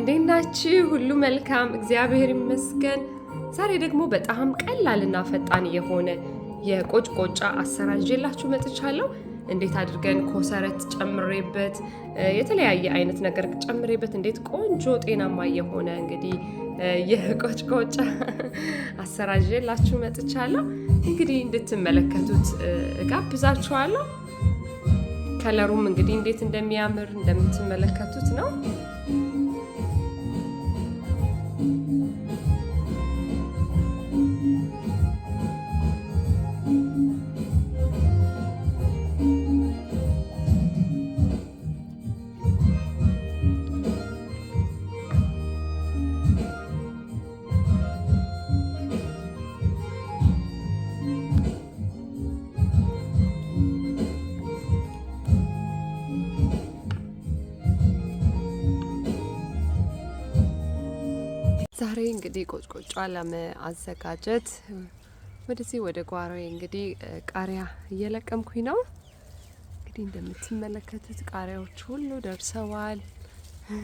እንዴት ናችሁ? ሁሉ መልካም እግዚአብሔር ይመስገን። ዛሬ ደግሞ በጣም ቀላልና ፈጣን የሆነ የቆጭቆጫ አሰራር ይዤላችሁ መጥቻለሁ። እንዴት አድርገን ኮሰረት ጨምሬበት የተለያየ አይነት ነገር ጨምሬበት እንዴት ቆንጆ ጤናማ የሆነ እንግዲህ የቆጭቆጫ አሰራር ይዤላችሁ መጥቻለሁ። እንግዲህ እንድትመለከቱት እጋብዛችኋለሁ። ከለሩም እንግዲህ እንዴት እንደሚያምር እንደምትመለከቱት ነው። ዛሬ እንግዲህ ቆጭቆጫ ለማዘጋጀት ወደዚህ ወደ ጓሮዬ እንግዲህ ቃሪያ እየለቀምኩኝ ነው። እንግዲህ እንደምትመለከቱት ቃሪያዎች ሁሉ ደርሰዋል።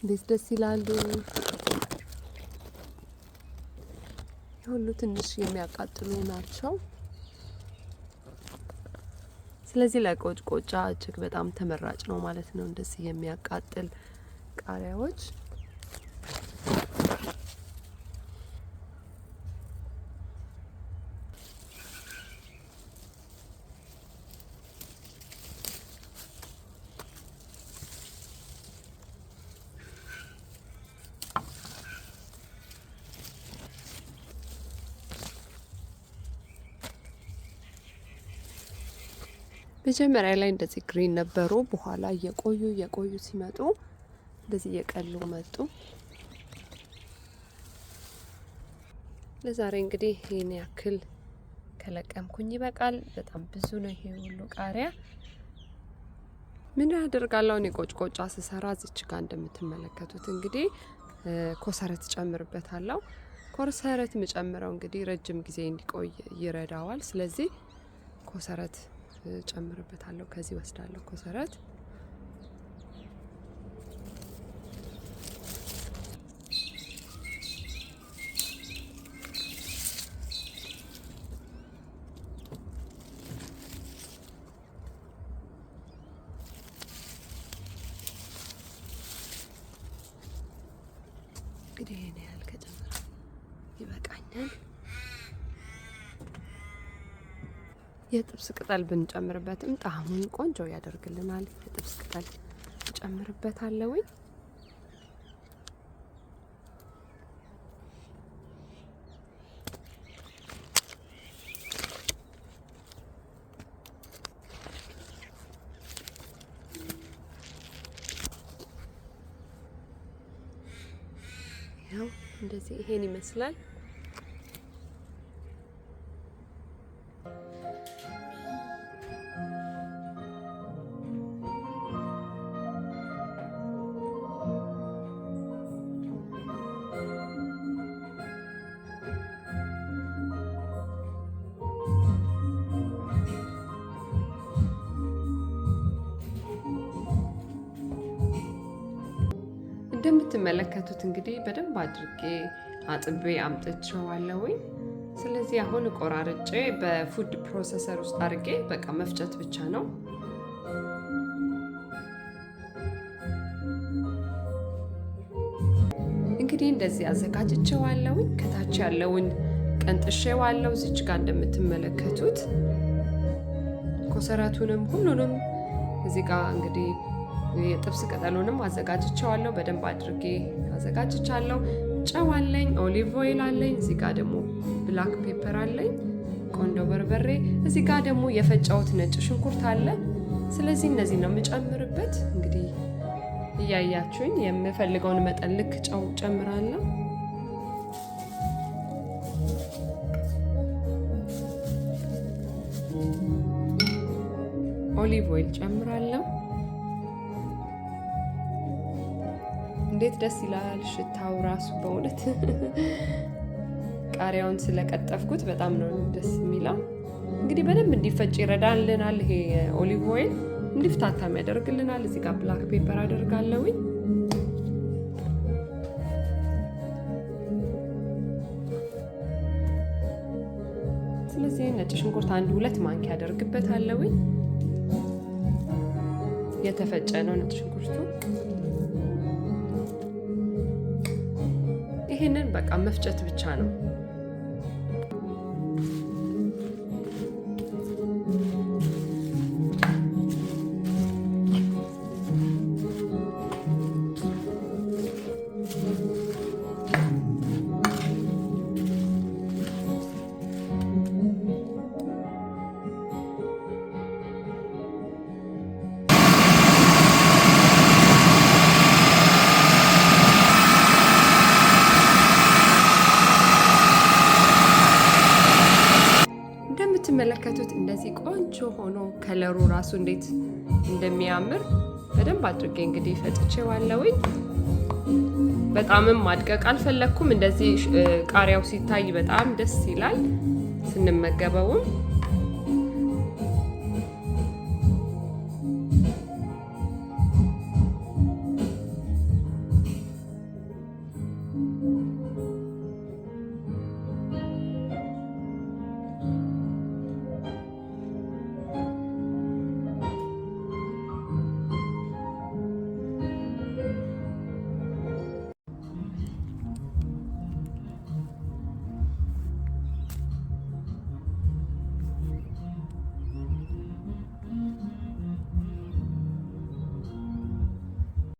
እንዴት ደስ ይላሉ! የሁሉ ትንሽ የሚያቃጥሉ ናቸው። ስለዚህ ለቆጭቆጫ እጅግ በጣም ተመራጭ ነው ማለት ነው እንደዚህ የሚያቃጥል ቃሪያዎች መጀመሪያ ላይ እንደዚህ ግሪን ነበሩ። በኋላ እየቆዩ እየቆዩ ሲመጡ እንደዚህ እየቀሉ መጡ። ለዛሬ እንግዲህ ይህን ያክል ከለቀምኩኝ ይበቃል። በጣም ብዙ ነው ይሄ ሁሉ ቃሪያ። ምን ያደርጋለሁ እኔ ቆጭቆጫ ስሰራ ዝች ጋር እንደምትመለከቱት እንግዲህ ኮሰረት ጨምርበታለሁ። ኮሰረት የምጨምረው እንግዲህ ረጅም ጊዜ እንዲቆይ ይረዳዋል። ስለዚህ ኮሰረት ጨምርበታለሁ። ከዚህ ወስዳለሁ ኮሰረት እንግዲህ ይሄን ያህል ከጨመረ ይበቃኛል። የጥብስ ቅጠል ብንጨምርበትም ጣዕሙን ቆንጆ ያደርግልናል። የጥብስ ቅጠል እጨምርበታለሁኝ። ያው እንደዚህ ይሄን ይመስላል። እንደምትመለከቱት እንግዲህ በደንብ አድርጌ አጥቤ አምጥቼዋለሁኝ። ስለዚህ አሁን ቆራርጬ በፉድ ፕሮሰሰር ውስጥ አድርጌ በቃ መፍጨት ብቻ ነው። እንግዲህ እንደዚህ አዘጋጅቼዋለሁኝ። ከታች ያለውን ቀንጥሼዋለሁ። እዚች ጋር እንደምትመለከቱት ኮሰረቱንም ሁሉንም እዚህ ጋር እንግዲህ የጥብስ ቅጠሉንም አዘጋጅቸዋለሁ። በደንብ አድርጌ አዘጋጅቻለሁ። ጨው አለኝ፣ ኦሊቭ ኦይል አለኝ። እዚህ ጋር ደግሞ ብላክ ፔፐር አለኝ፣ ቆንዶ በርበሬ። እዚህ ጋር ደግሞ የፈጨሁት ነጭ ሽንኩርት አለ። ስለዚህ እነዚህ ነው የምጨምርበት። እንግዲህ እያያችሁኝ የምፈልገውን መጠን ልክ ጨው ጨምራለሁ። ኦሊቭ ኦይል ጨምራለሁ። እንዴት ደስ ይላል ሽታው ራሱ በእውነት ቃሪያውን ስለቀጠፍኩት በጣም ነው ደስ የሚለው። እንግዲህ በደንብ እንዲፈጭ ይረዳልናል። ይሄ ኦሊቭ ኦይል እንዲፍታታም ያደርግልናል። እዚህ ጋር ብላክ ፔፐር አደርጋለሁኝ። ስለዚህ ነጭ ሽንኩርት አንድ ሁለት ማንኪያ አደርግበታለሁኝ። የተፈጨ ነው ነጭ ሽንኩርቱ። ይህንን በቃ መፍጨት ብቻ ነው። ስትመለከቱት እንደዚህ ቆንጆ ሆኖ ከለሩ ራሱ እንዴት እንደሚያምር በደንብ አድርጌ እንግዲህ ዋለውኝ። በጣምም ማድቀቅ አልፈለግኩም። እንደዚህ ቃሪያው ሲታይ በጣም ደስ ይላል ስንመገበውም